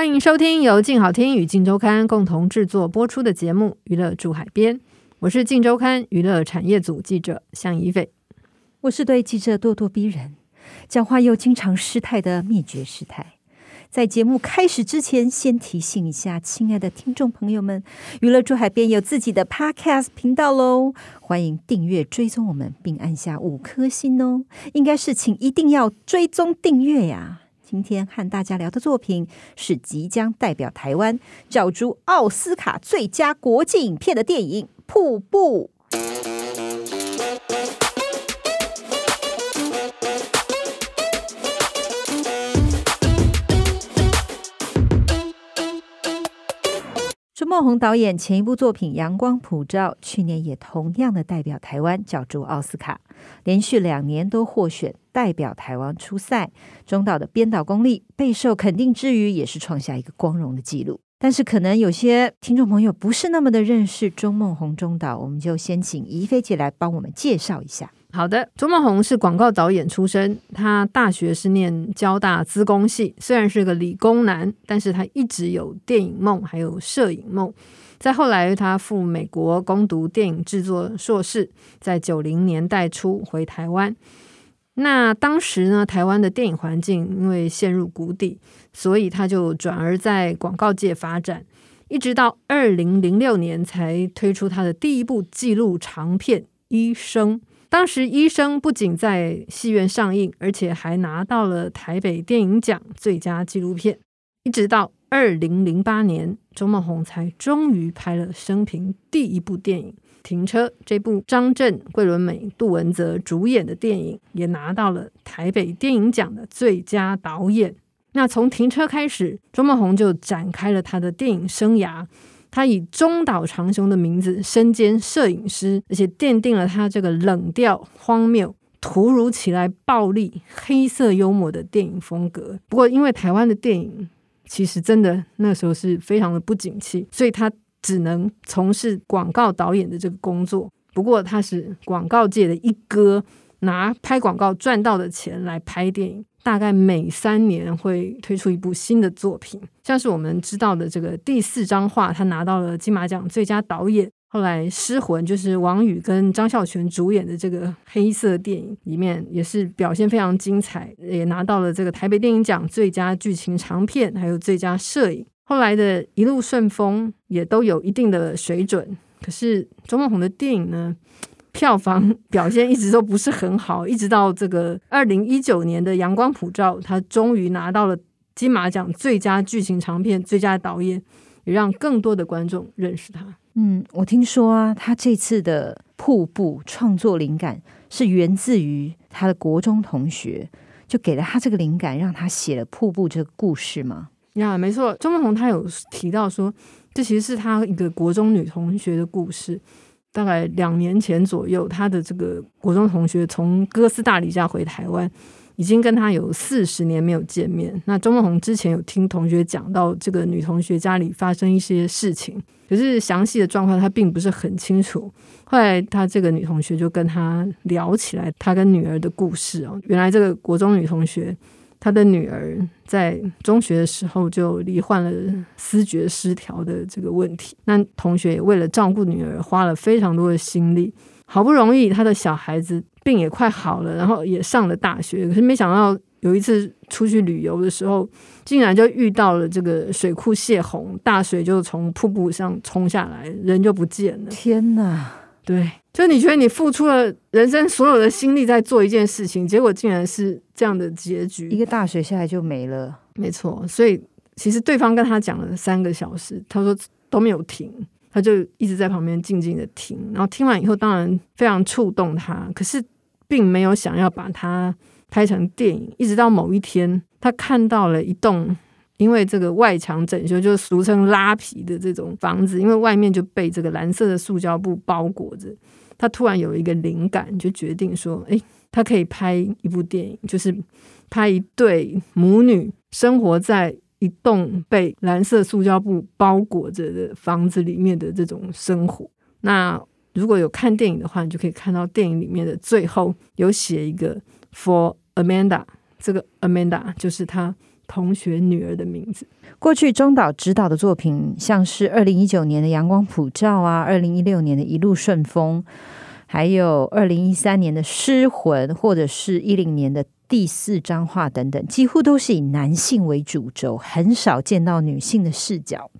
歡迎收聽由鏡好聽與鏡週刊共同製作播出的節目《娛樂住海邊》，我是鏡週刊娛樂產業組記者向一菲。我是對記者咄咄逼人、講話又經常失態的滅絕師太。在節目開始之前，先提醒一下親愛的聽眾朋友們，《娛樂住海邊》有自己的 podcast 頻道嘍，歡迎訂閱追蹤我們，並按下五顆星哦。應該是請一定要追蹤訂閱呀。今天和大家聊的作品是即將代表台灣角逐奧斯卡最佳國際影片的電影《瀑布》。孟宏導演前一部作品《陽光普照》，去年也同樣的代表台灣角逐奧斯卡，連續兩年都獲選代表台灣出賽。鍾導的編導功力備受肯定之餘，也是創下一個光榮的記錄。但是，可能有些聽眾朋友不是那麼的認識鍾孟宏鍾導，我們就先請怡飛姐來幫我們介紹一下。好的，鍾孟宏是廣告導演出身，他大學是念交大資工系，雖然是個理工男，但是他一直有電影夢，還有攝影夢。再後來，他赴美國攻讀電影製作碩士，在九零年代初回台灣。那當時呢，台灣的電影環境因為陷入谷底，所以他就轉而在廣告界發展，一直到二零零六年才推出他的第一部紀錄長片《醫生》。當時，醫生不僅在戲院上映，而且還拿到了台北電影獎最佳紀錄片。一直到二零零八年，鍾孟宏才終於拍了生平第一部電影《停車》。這部張震、桂綸鎂、杜汶澤主演的電影，也拿到了台北電影獎的最佳導演。那從《停車》開始，鍾孟宏就展開了他的電影生涯。他以中島長雄的名字身兼攝影師，而且奠定了他這個冷調、荒謬、突如其來、暴力、黑色幽默的電影風格。不過，因為台灣的電影其實真的那時候是非常的不景氣，所以他只能從事廣告導演的這個工作。不過，他是廣告界的一哥，拿拍廣告賺到的錢來拍電影。大概每三年會推出一部新的作品，像是我們知道的這個第四張畫，他拿到了金馬獎最佳導演；後來《失魂》，就是王羽跟張孝全主演的這個黑色電影，裡面也是表現非常精彩，也拿到了這個台北電影獎最佳劇情長片，還有最佳攝影。後來的《一路順風》也都有一定的水準，可是鍾孟宏的電影呢？票房表現一直都不是很好， 一直到這個二零一九年的《陽光普照》，他終於拿到了金馬獎最佳劇情長片、最佳導演，也讓更多的觀眾認識他。嗯，我聽說啊，他這次的《瀑布》創作靈感是源自於他的國中同學，就給了他這個靈感，讓他寫了《瀑布》這個故事嘛。呀、嗯啊，沒錯，鍾孟宏他有提到說，這其實是他一個國中女同學的故事。大概兩年前左右，他的這個國中同學從哥斯大黎加回台灣，已經跟他有四十年沒有見面。那鍾孟宏之前有聽同學講到這個女同學家裡發生一些事情，可是詳細的狀況他並不是很清楚。後來他這個女同學就跟他聊起來，他跟女兒的故事哦，原來這個國中女同學。他的女兒在中學的時候就罹患了思覺失調的這個問題，那、嗯、同學也為了照顧女兒，花了非常多的心力，好不容易他的小孩子病也快好了，然後也上了大學，可是沒想到有一次出去旅遊的時候，竟然就遇到了這個水庫泄洪，大水就從瀑布上衝下來，人就不見了。天哪！對，就你覺得你付出了人生所有的心力在做一件事情，結果竟然是這樣的結局，一個大學下來就沒了。沒錯，所以其實對方跟他講了三個小時，他說都沒有停，他就一直在旁邊靜靜的聽。然後聽完以後，當然非常觸動他，可是並沒有想要把他拍成電影。一直到某一天，他看到了一棟。因為這個外牆整修，就俗稱拉皮的這種房子，因為外面就被這個藍色的塑膠布包裹着。他突然有一個靈感，就決定說：“哎，他可以拍一部電影，就是拍一對母女生活在一棟被藍色塑膠布包裹着的房子裡面的這種生活。”那如果有看電影的話，你就可以看到電影裡面的最後有寫一個 “For Amanda”，這個 Amanda 就是他同學女兒的名字。過去鍾導執導的作品，像是二零一九年的《陽光普照》啊，二零一六年的一路順風，還有二零一三年的《失魂》，或者是一零年的《第四張畫》等等，幾乎都是以男性為主軸，很少見到女性的視角。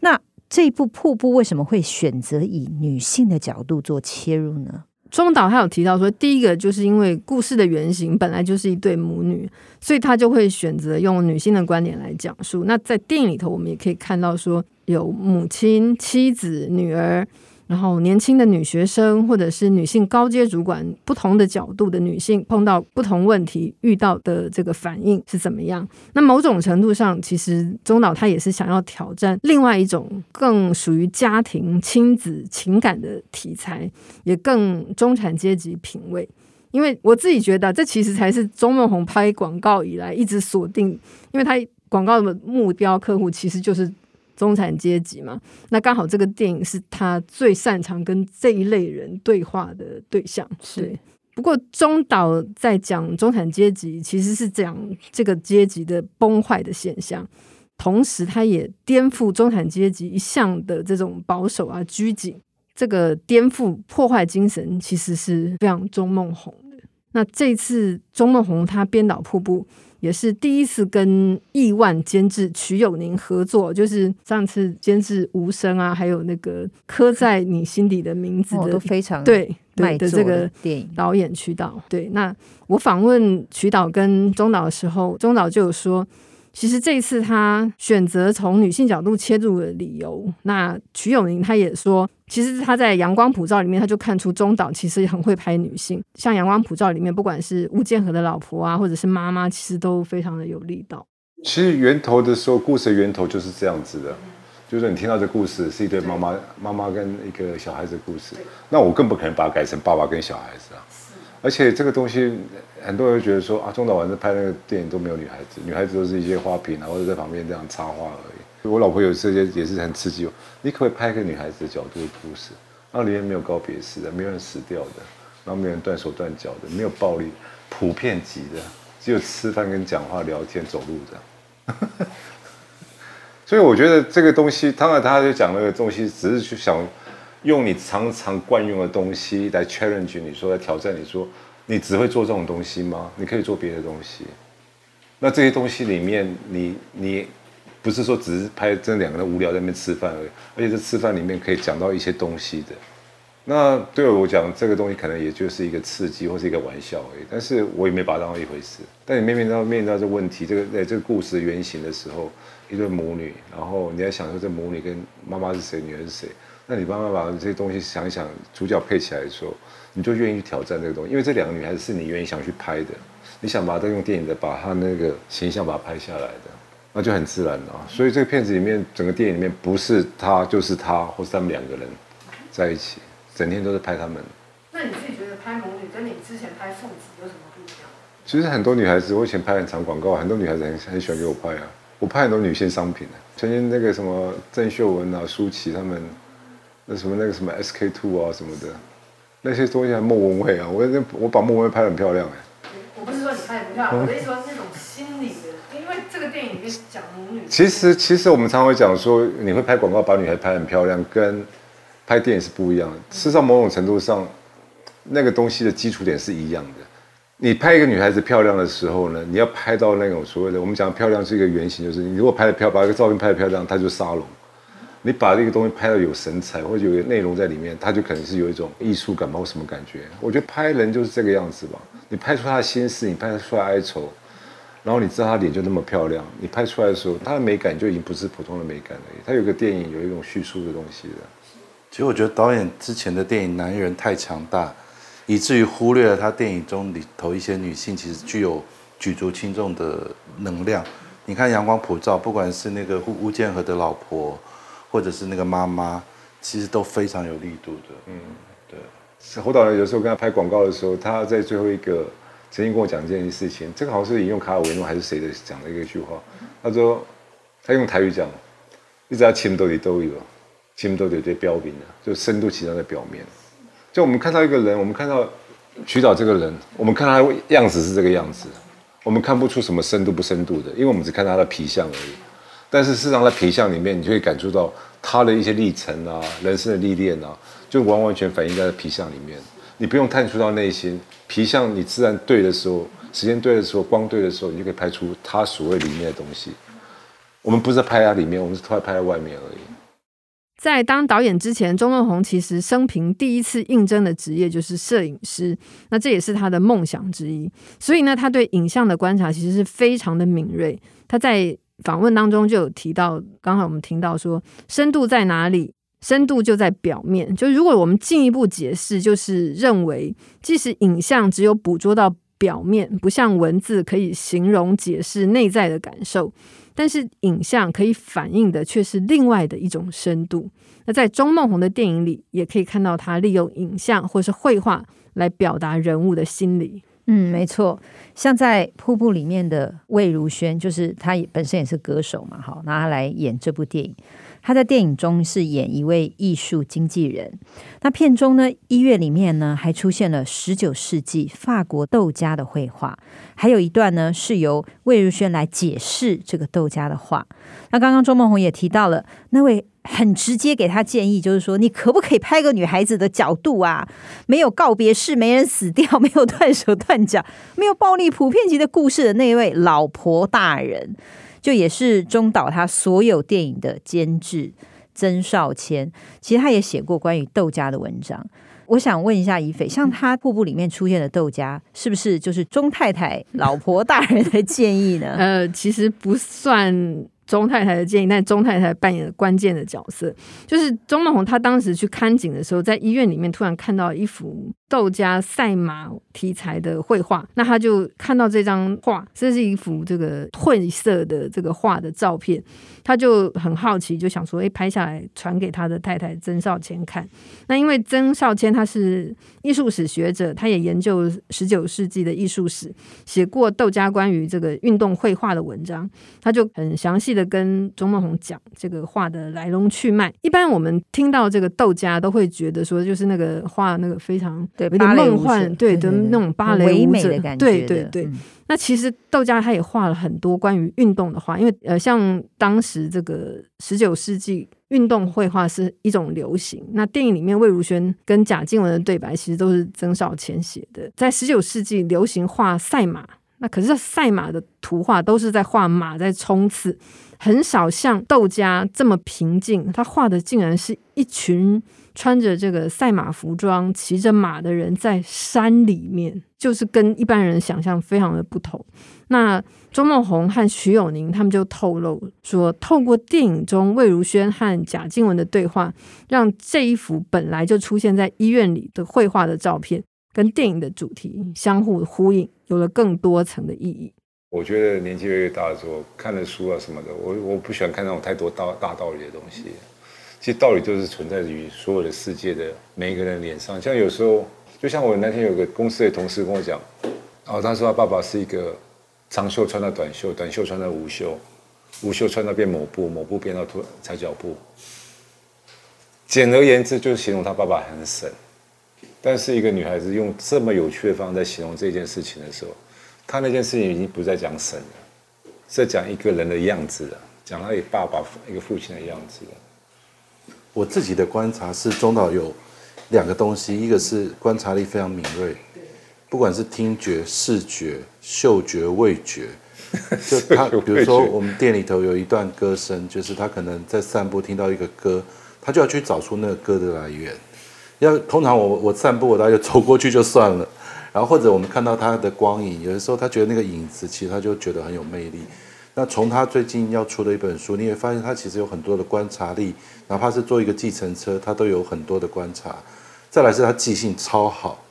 那這一部《瀑布》為什麼會選擇以女性的角度做切入呢？鍾導他有提到說，第一個就是因為故事的原型本來就是一對母女，所以他就會選擇用女性的觀點來講述。那在電影裡頭，我們也可以看到說，有母親、妻子、女兒。然後，年輕的女學生或者是女性高階主管，不同的角度的女性碰到不同問題，遇到的這個反應是怎麼樣？那某種程度上，其實鍾導他也是想要挑戰另外一種更屬於家庭親子情感的題材，也更中產階級品味。因為我自己覺得，這其實才是鍾孟宏拍廣告以來一直鎖定，因為他廣告的目標客戶其實就是。中產階級嘛，那剛好這個電影是他最擅長跟這一類人對話的對象。是對，不過鍾導在講中產階級，其實是講這個階級的崩壞的現象，同時他也顛覆中產階級一向的這種保守啊、拘謹。這個顛覆破壞精神，其實是非常鍾孟宏的。那這次鍾孟宏他編導瀑布，也是第一次跟億萬監製瞿友寧合作，就是上次監製《無聲》啊，還有那個《刻在你心底的名字》的、哦、都非常的對，對的這個電影導演瞿導。影對，那我訪問瞿導跟鍾導的時候，鍾導就有說。其實這一次他選擇從女性角度切入的理由，那瞿友寧他也說，其實他在《陽光普照》裡面他就看出鍾導其實很會拍女性，像《陽光普照》裡面，不管是巫建和的老婆啊，或者是媽媽，其實都非常的有力道。其實源頭的時候，故事的源頭就是這樣子的，就是你聽到這故事是一對媽媽媽媽跟一個小孩子的故事，那我更不可能把它改成爸爸跟小孩子啊。而且這個東西，很多人會覺得說啊，鍾孟宏拍那個電影都沒有女孩子，女孩子都是一些花瓶啊，或者在旁邊這樣插花而已。我老婆有時候也是很刺激我，你可不可以拍一個女孩子的角度的故事？然後裡面沒有告別式的，沒有人死掉的，然後沒有人斷手斷腳的，沒有暴力，普遍級的，只有吃飯跟講話、聊天、走路的。 所以我覺得這個東西，當然他就講那個東西，只是去想。用你常常慣用的東西來 challenge，你說來挑戰你說，你只會做這種東西嗎？你可以做別的東西。那這些東西裡面，你你不是說只是拍這兩個人無聊在那邊吃飯而已，而且這吃飯裡面可以講到一些東西的。那對我講，這個東西可能也就是一個刺激或是一個玩笑而已。但是我也沒把它當一回事。但你面對到面對到這問題，這個在、欸、這個故事原型的時候，一對母女，然後你在想說這母女跟媽媽是誰，女兒是誰。那你慢慢把這些東西想一想，主角配起來的時候，你就願意去挑戰這個東西，因為這兩個女孩子是你願意想去拍的，你想把它用電影的把它那個形象把它拍下來的，那就很自然了，啊。嗯、所以這個片子裡面，整個電影裡面不是她就是她，或是他們兩個人在一起，整天都在拍他們。那你自己覺得拍母女跟你之前拍父子有什麼不一樣？其實很多女孩子，我以前拍很長廣告，很多女孩子很很喜歡給我拍啊，我拍很多女性商品啊，曾經那個什麼鄭秀文啊、舒淇他們。那什麼那個什麼 SK2 啊什麼的，那些東西還莫文蔚啊，我跟我把莫文蔚拍得很漂亮哎、欸。我不是說你拍不漂亮，我意思是那種心理的，因為這個電影不是講母女。其實其實我們常常會講說，你會拍廣告把女孩拍得很漂亮，跟拍電影是不一樣的。事實上，某種程度上，那個東西的基礎點是一樣的。你拍一個女孩子漂亮的時候呢，你要拍到那種所謂的我們講漂亮是一個原型，就是你如果拍得漂亮，把一個照片拍得漂亮，它就撒沙龍。你把這個東西拍到有神采，或者有內容在裡面，它就可能是有一種藝術感吧，包括什麼感覺？我覺得拍人就是這個樣子吧。你拍出他的心思，你拍出來哀愁，然後你知道他臉就那麼漂亮，你拍出來的時候，他的美感就已經不是普通的美感了。他有個電影，有一種敘述的東西了。其實我覺得導演之前的電影，男人太強大，以至於忽略了他電影中裡頭一些女性其實具有舉足輕重的能量。你看《陽光普照》，不管是那個巫建和的老婆。或者是那個媽媽，其實都非常有力度的。嗯，對。侯導演有時候跟他拍廣告的時候，他在最後一個曾經跟我講這件事情，這個好像是引用卡爾維諾還是誰的講的一個句話。他說他用台語講，一直在淺兜裡都有，淺兜裡就標面了就深度其他的表面。就我們看到一個人，我們看到徐導這個人，我們看到他樣子是這個樣子，我們看不出什麼深度不深度的，因為我們只看到他的皮相而已。但是事實上，在皮相裡面，你就會感受到他的一些歷程啊、人生的歷練啊，就完完全反映在皮相裡面。你不用探出到內心，皮相你自然對的時候，時間對的時候，光對的時候，你就可以拍出他所謂裡面的東西。我們不是拍他裡面，我們是拍拍在外面而已。在當導演之前，鍾孟宏其實生平第一次應徵的職業就是攝影師，那這也是他的夢想之一。所以呢，他對影像的觀察其實是非常的敏銳。他在。訪問當中就有提到，剛好我們聽到說，深度在哪裡？深度就在表面。就如果我們進一步解釋，就是認為，即使影像只有捕捉到表面，不像文字可以形容解釋內在的感受，但是影像可以反映的卻是另外的一種深度。那在鍾孟宏的電影裡，也可以看到他利用影像或是繪畫來表達人物的心理。嗯，沒錯，像在《瀑布》裡面的魏如萱，就是她本身也是歌手嘛，好，拿她來演這部電影。他在電影中是演一位藝術經紀人。那片中呢，醫院裡面呢還出現了十九世紀法國竇加的繪畫，還有一段呢是由魏如萱來解釋這個竇加的畫。那剛剛鍾孟宏也提到了那位很直接給他建議，就是說你可不可以拍個女孩子的角度啊？沒有告別式，沒人死掉，沒有斷手斷腳，沒有暴力，普遍級的故事的那位老婆大人。就也是鍾導他所有電影的監製曾少千，其實他也寫過關於竇家的文章。我想問一下以斐，像他瀑布裡面出現的竇家，是不是就是鍾太太老婆大人的建議呢？ 呃，其實不算。鍾太太的建議，但鍾太太扮演了關鍵的角色，就是鍾孟宏。他當時去看景的時候，在醫院裡面突然看到一幅竇加賽馬題材的繪畫，那他就看到這張畫，這是一幅這個褪色的這個畫的照片，他就很好奇，就想說，哎、欸，拍下來傳給他的太太曾少千看。那因為曾少千他是藝術史學者，他也研究十九世紀的藝術史，寫過竇加關於這個運動繪畫的文章，他就很詳細的。跟鍾孟宏講這個畫的來龍去脈，一般我們聽到這個竇加都會覺得說，就是那個畫那個非常對，有點夢幻，幻，對的那種芭蕾舞者對對對美，對對對。那其實竇加他也畫了很多關於運動的畫，因為呃，像當時這個十九世紀運動繪畫是一種流行。那電影裡面魏如萱跟賈靜雯的對白，其實都是曾少千寫的，在十九世紀流行畫賽馬。那可是賽馬的圖畫，都是在畫馬在衝刺，很少像竇加這麼平靜。他畫的竟然是一群穿着這個賽馬服裝、騎着馬的人在山裡面，就是跟一般人想象非常的不同。那鍾孟宏和徐永寧他們就透露說，透過電影中魏如萱和賈靜雯的對話，讓這一幅本來就出現在醫院裡的繪畫的照片，跟電影的主題相互呼應，有了更多層的意義。我覺得年紀越來越大的時候，看了書啊什麼的，我我不喜歡看那種太多大大道理的東西。其實道理都是存在於所有的世界的每一個人的臉上。像有時候，就像我那天有個公司的同事跟我講，哦，他說他爸爸是一個長袖穿到短袖，短袖穿到無袖，無袖穿到變抹布，抹布變到拖擦腳布。簡而言之，就是形容他爸爸很省。但是一個女孩子用這麼有趣的方式在形容這件事情的時候，她那件事情已經不再講神了，是在講一個人的樣子了，講她爸爸一個父親的樣子了。我自己的觀察是，鍾導有兩個東西，一個是觀察力非常敏銳，不管是聽覺、視覺、嗅覺、味覺，就他比如說我們店裡頭有一段歌聲，就是他可能在散步聽到一個歌，他就要去找出那個歌的來源。要通常我我散步，我大概就走過去就算了，然後或者我們看到他的光影，有的時候他覺得那個影子，其實他就覺得很有魅力。那從他最近要出的一本書，你也發現他其實有很多的觀察力，哪怕是坐一個計程車，他都有很多的觀察。再來是他記性超好，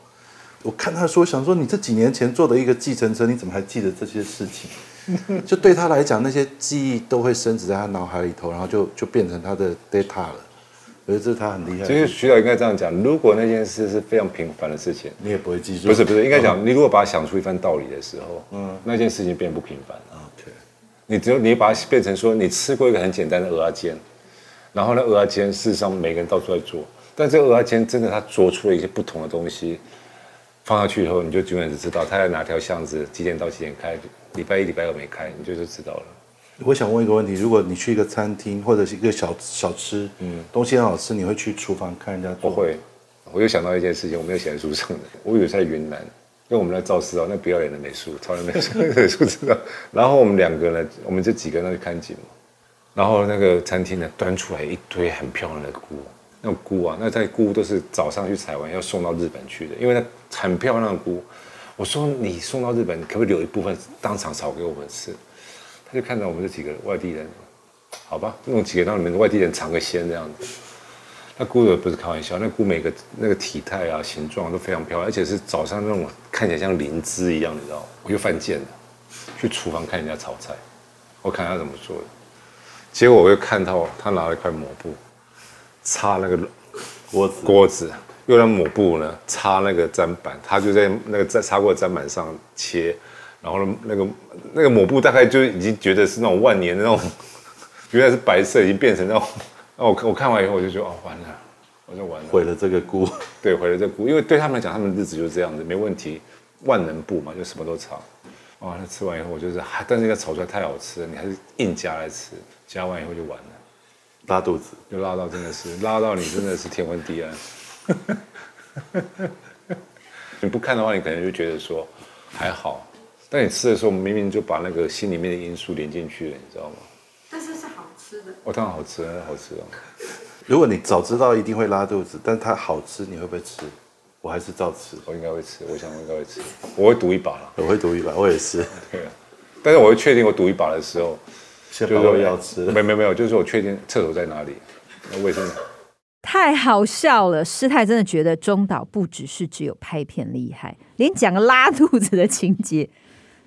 我看他說，我想說，你這幾年前坐的一個計程車，你怎麼還記得這些事情？就對他來講，那些記憶都會深植在他腦海裡頭，然後就就變成他的 data 了。所以這是他很厲害。所以徐導應該這樣講：如果那件事是非常平凡的事情，你也不會記住。不是不是，應該講、嗯、你如果把它想出一番道理的時候，嗯，那件事情變不平凡。啊、嗯，對、okay。你只有你把它變成說，你吃過一個很簡單的蚵仔煎，然後呢，蚵仔煎事實上每個人到處在做，但這個蚵仔煎真的它做出了一些不同的東西，放下去以後，你就永遠知道它在哪條巷子幾點到幾點開，禮拜一禮拜二沒開，你就是知道了。我想問一個問題：如果你去一個餐廳或者是一個小小吃，嗯，東西很好吃，你會去廚房看人家做？不會。我又想到一件事情，我沒有寫在書上的。我以為在雲南，因為我們在造勢啊、哦，那不要臉的美術，超人美術，美術知道。然後我們兩個呢，我們這幾個呢，就看景嘛。然後那個餐廳呢，端出來一堆很漂亮的菇，那個、菇啊，那在、個、菇都是早上去採完要送到日本去的，因為那很漂亮的菇。我說你送到日本，你可不可以留一部分當場炒給我們吃？他就看到我們這幾個外地人，好吧，弄幾個讓你們外地人嚐個鮮這樣子。那菇肉不是開玩笑，那菇每個那個體態啊、形狀都非常漂亮，而且是早上那種看起來像靈芝一樣，你知道嗎？我就犯賤了，去廚房看人家炒菜，我看他怎麼做的。的結果我又看到他拿了一塊抹布擦那個鍋子鍋子，用讓抹布呢擦那個砧板，他就在那個擦，擦過的砧板上切。然後呢，那個那個抹布大概就已經覺得是那種萬年的那種，原來是白色，已經變成那種。那我我看完以後，我就覺得哦，完了，我就完了，毀了這個菇。對，毀了這菇，因為對他們來講，他們日子就是這樣子，沒問題，萬能布嘛，就什麼都炒。哦，那吃完以後，我就是還，但是那個炒出來太好吃了，你還是硬夾來吃，夾完以後就完了，拉肚子，就拉到真的是拉到你真的是天昏地暗。 你不看的話，你可能就覺得說還好。但你吃的時候，明明就把那個心裡面的因素連進去了，你知道嗎？但是是好吃的。哇，當然好吃，好吃哦！ 如果你早知道一定會拉肚子，但它好吃，你會不會吃？我還是照吃，我應該會吃，我想我應該會吃，我會賭一把 我會賭一把，我也是。對啊，但是我會確定我賭一把的時候， 就說要吃。沒沒沒有，就是說我確定廁所在哪裡，那什麼太好笑了，師太真的覺得鍾導不只是只有拍片厲害，連講個拉肚子的情節。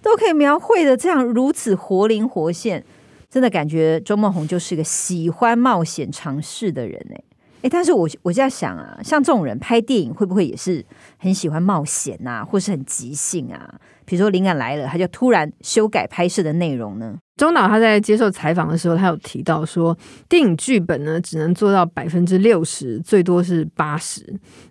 都可以描繪的這樣如此活靈活現，真的感覺鍾孟宏就是一個喜歡冒險嘗試的人哎、誒，但是我我就在想啊，像這種人拍電影會不會也是很喜歡冒險啊，或是很即興啊？比如說靈感來了，他就突然修改拍攝的內容呢。鍾導他在接受採訪的時候，他有提到說，電影劇本呢只能做到百分之六十，最多是八十。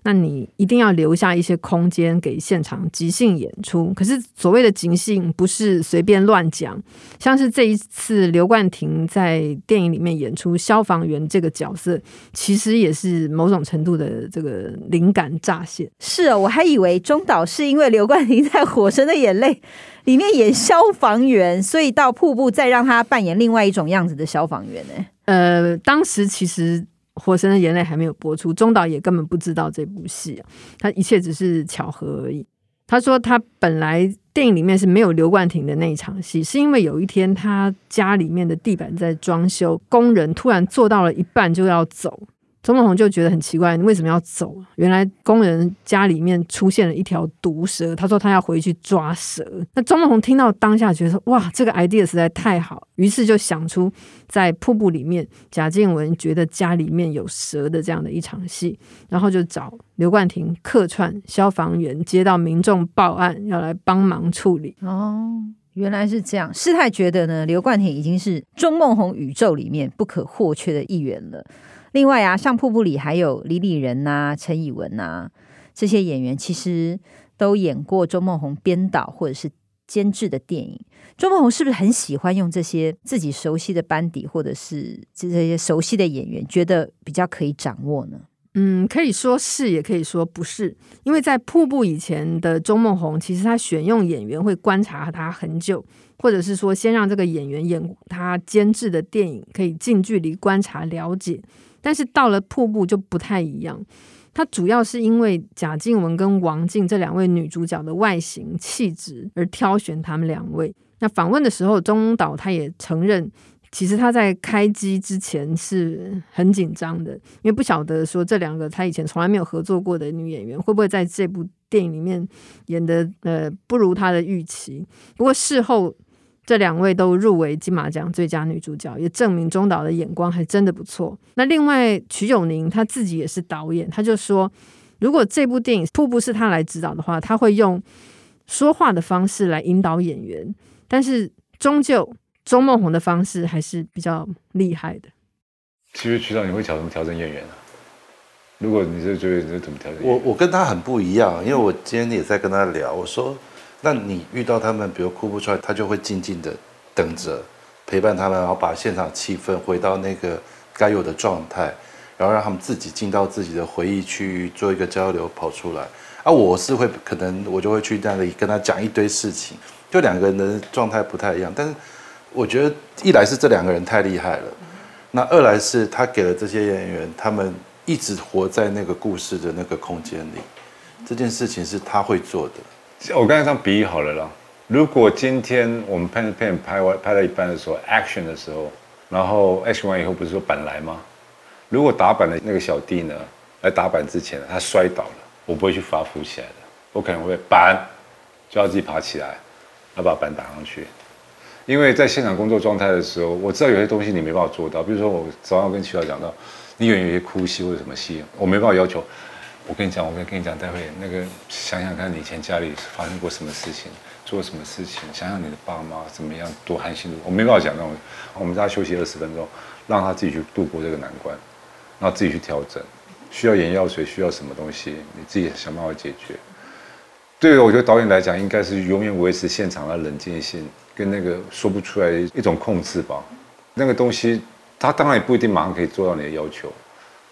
那你一定要留下一些空間給現場即興演出。可是所謂的即興，不是隨便亂講。像是這一次劉冠廷在電影裡面演出消防員這個角色，其實也是某種程度的這個靈感乍現。是啊、哦，我還以為鍾導是因為劉冠廷在《火神的》的。眼淚裡面演消防員，所以到瀑布再讓他扮演另外一種樣子的消防員呢、欸？呃，當時其實《火神的眼淚》還沒有播出，鍾導也根本不知道這部戲、啊，他一切只是巧合而已。他說他本來電影裡面是沒有劉冠廷的那一場戲，是因為有一天他家裡面的地板在裝修，工人突然做到了一半就要走。鍾孟宏就覺得很奇怪，你為什麼要走啊？原來工人家裡面出現了一條毒蛇，他說他要回去抓蛇。那鍾孟宏聽到當下覺得說，哇，這個 idea 實在太好，於是就想出在瀑布裡面，賈靜雯覺得家裡面有蛇的這樣的一場戲，然後就找劉冠廷客串消防員，接到民眾報案要來幫忙處理。哦，原來是這樣。師太覺得呢，劉冠廷已經是鍾孟宏宇宙裡面不可或缺的一員了。另外啊，像《瀑布》裡還有李李仁吶、陳以文吶、啊、這些演員，其實都演過鍾孟宏編導或者是監製的電影。鍾孟宏是不是很喜歡用這些自己熟悉的班底，或者是這些熟悉的演員，覺得比較可以掌握呢？嗯，可以說是，也可以說不是。因為在《瀑布》以前的鍾孟宏，其實他選用演員會觀察他很久，或者是說先讓這個演員演他監製的電影，可以近距離觀察了解。但是到了瀑布，就不太一樣，他主要是因為賈靜雯跟王淨這兩位女主角的外形氣質而挑選他們兩位。那訪問的時候，鍾導他也承認，其實他在開機之前是很緊張的，因為不曉得說這兩個他以前從來沒有合作過的女演員會不會在這部電影裡面演得呃不如他的預期。不過事後。這兩位都入圍金馬獎最佳女主角，也證明鍾導的眼光還真的不錯。那另外，瞿友寧他自己也是導演，他就說，如果這部電影瀑布是他來指導的話，他會用說話的方式來引導演員。但是，終究鍾孟宏的方式還是比較厲害的。其實，瞿導你會調什麼調整演員啊？如果你是覺得你是怎麼調整演員？我我跟他很不一樣，因為我今天也在跟他聊，我說。那你遇到他們，比如哭不出來，他就會靜靜地等着，陪伴他們，然後把現場氣氛回到那個該有的狀態，然後讓他們自己進到自己的回憶去做一個交流，跑出來。啊，我是會可能我就會去那裡跟他講一堆事情，就兩個人的狀態不太一樣。但是我覺得一來是這兩個人太厲害了，那二來是他給了這些演員他們一直活在那個故事的那個空間裡，這件事情是他會做的。我剛才上比喻，好了啦。如果今天我們拍片拍完拍到一半的時候，action 的時候，然後 action 完以後不是說板來嗎？如果打板的那個小弟呢，來打板之前呢，他摔倒了，我不會去把他扶起來的，我可能會板，就要自己爬起來，要把板打上去。因為在現場工作狀態的時候，我知道有些東西你沒辦法做到，比如說我早上跟徐老講到，你演有，有些哭戲或者什麼戲，我沒辦法要求。我跟你講，我跟跟你講，待會那個想想看，你以前家裡發生過什麼事情，做什麼事情，想想你的爸媽怎麼樣，多含辛苦。我沒辦法講那種。我們讓他休息二十分鐘，讓他自己去度過這個難關，然後自己去調整。需要眼藥水，需要什麼東西，你自己想辦法解決。對於我覺得導演來講，應該是永遠維持現場的冷靜性，跟那個說不出來的一種控制吧。那個東西，他當然也不一定馬上可以做到你的要求。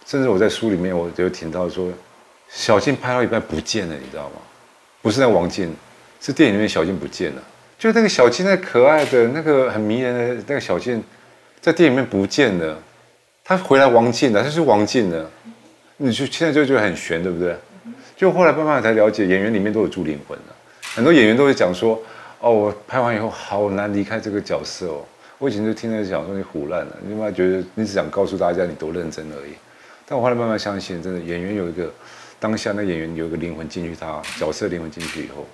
甚至我在書裡面，我就聽到說。小靜拍到一半不見了，你知道嗎？不是那個王淨，是電影裡面小靜不見了。就那個小靜，那個、可愛的那個很迷人的那個小靜，在電影裡面不見了。她回來王淨了，她是王淨了。你就現在就覺得很玄，對不對？就後來慢慢來才了解，演員裡面都有住靈魂了。很多演員都會講說：“哦，我拍完以後好難離開這個角色哦。”我以前就聽他講說你唬爛了，你媽覺得你只想告訴大家你多認真而已。但我後來慢慢相信，真的演員有一個。當下那演員有一個靈魂進去他，他角色靈魂進去以後，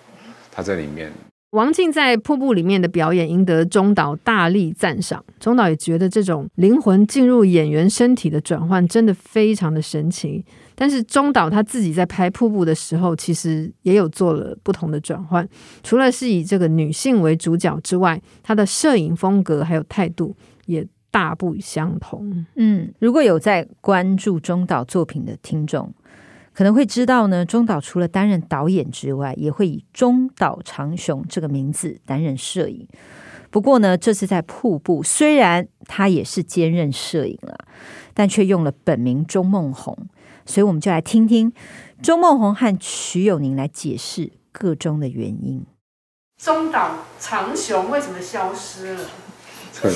他在裡面。王淨在《瀑布》裡面的表演贏得鍾導大力讚賞。鍾導也覺得這種靈魂進入演員身體的轉換真的非常的神奇。但是鍾導他自己在拍《瀑布》的時候，其實也有做了不同的轉換，除了是以這個女性為主角之外，他的攝影風格還有態度也大不相同。嗯，如果有在關注鍾導作品的聽眾。可能會知道呢，中島除了擔任導演之外，也會以中島長雄這個名字擔任攝影。不過呢，這次在瀑布，雖然他也是兼任攝影了，但卻用了本名鍾孟宏，所以我們就來聽聽鍾孟宏和徐友寧來解釋個中的原因。中島長雄為什麼消失了、 嗯，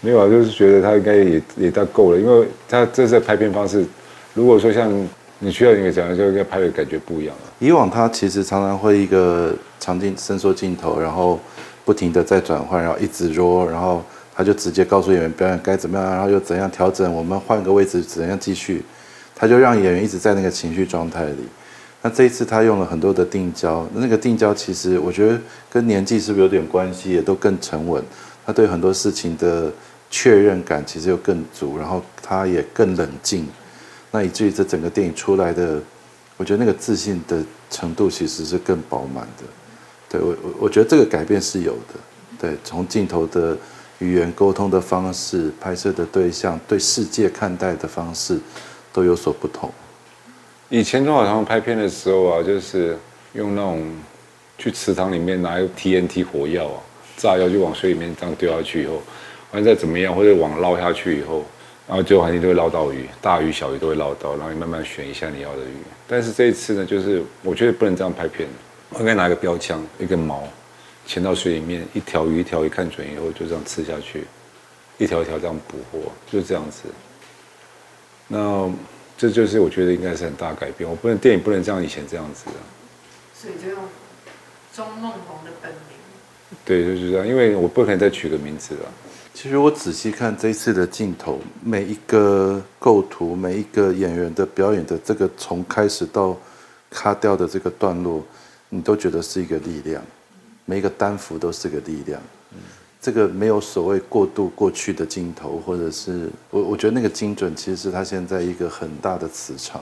沒有啊，就是覺得他應該也也到夠了，因為他這次拍片方式，如果說像你需要一個講，就應跟拍的感覺不一樣了、啊。以往他其實常常會一個長鏡伸縮鏡頭，然後不停的在轉換，然後一直 r l 然後他就直接告訴演員表演該怎麼樣，然後又怎樣調整，我們換個位置怎樣繼續，他就讓演員一直在那個情緒狀態裡。那這一次他用了很多的定焦，那個定焦其實我覺得跟年紀是不是有點關係，也都更沉穩，他對很多事情的確認感其實又更足，然後他也更冷靜。那以至於這整個電影出來的，我覺得那個自信的程度其實是更飽滿的。對，我我我覺得這個改變是有的。對，從鏡頭的語言溝通的方式、拍攝的對象、對世界看待的方式都有所不同。以前鍾孟宏他們拍片的時候啊，就是用那種去池塘裡面拿 TNT 火藥啊，炸藥就往水裡面這樣丟下去以後，完再怎麼樣，或者網撈下去以後。然後最後還你都會撈到魚，大魚小魚都會撈到，然後你慢慢選一下你要的魚。但是這一次呢，就是我覺得不能這樣拍片，我應該拿一個標槍，一根矛，潛到水裡面，一條魚一條魚，一條魚看準以後就這樣刺下去，一條一條這樣捕獲，就這樣子。那這就是我覺得應該是很大改變，我不能電影不能像以前這樣子啊。所以就用鍾孟宏的本名。對，就是這樣，因為我不可能再取個名字了啊。其實我仔細看這一次的鏡頭，每一個構圖，每一個演員的表演的這個從開始到卡掉的這個段落，你都覺得是一個力量，每一個單幅都是個力量。嗯，這個沒有所謂過度過去的鏡頭，或者是我我覺得那個精準，其實是他現在一個很大的磁場。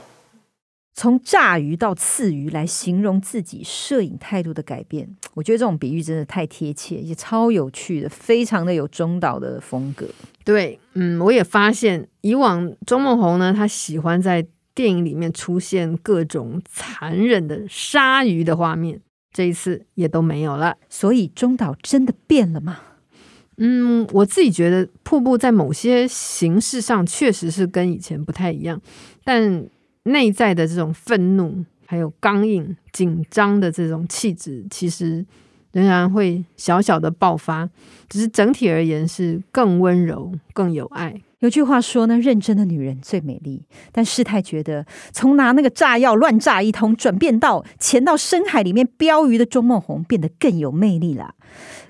從炸魚到刺魚來形容自己攝影態度的改變，我覺得這種比喻真的太貼切，也超有趣的，非常的有鍾導的風格。對，嗯，我也發現以往鍾孟宏呢，他喜歡在電影裡面出現各種殘忍的鯊魚的畫面，這一次也都沒有了。所以鍾導真的變了嗎？嗯，我自己覺得瀑布在某些形式上確實是跟以前不太一樣，但。內在的這種憤怒，還有剛硬、緊張的這種氣質，其實仍然會小小的爆發，只是整體而言是更溫柔、更有愛。有句話說呢：“認真的女人最美麗。”但世態覺得，從拿那個炸藥亂炸一通，轉變到潛到深海裡面鏢魚的鍾孟宏，變得更有魅力了。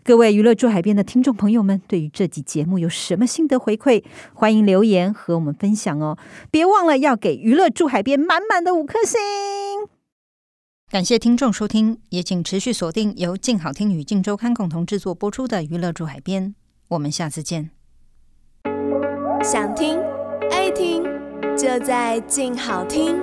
各位娛樂住海邊的聽眾朋友們，對於這集節目有什麼心得回饋？歡迎留言和我們分享哦！別忘了要給娛樂住海邊滿滿的五顆星。感謝聽眾收聽，也請持續鎖定由靜好聽與靜周刊共同制作播出的《娛樂住海邊》，我們下次見。想聽，愛聽，就在靜好聽。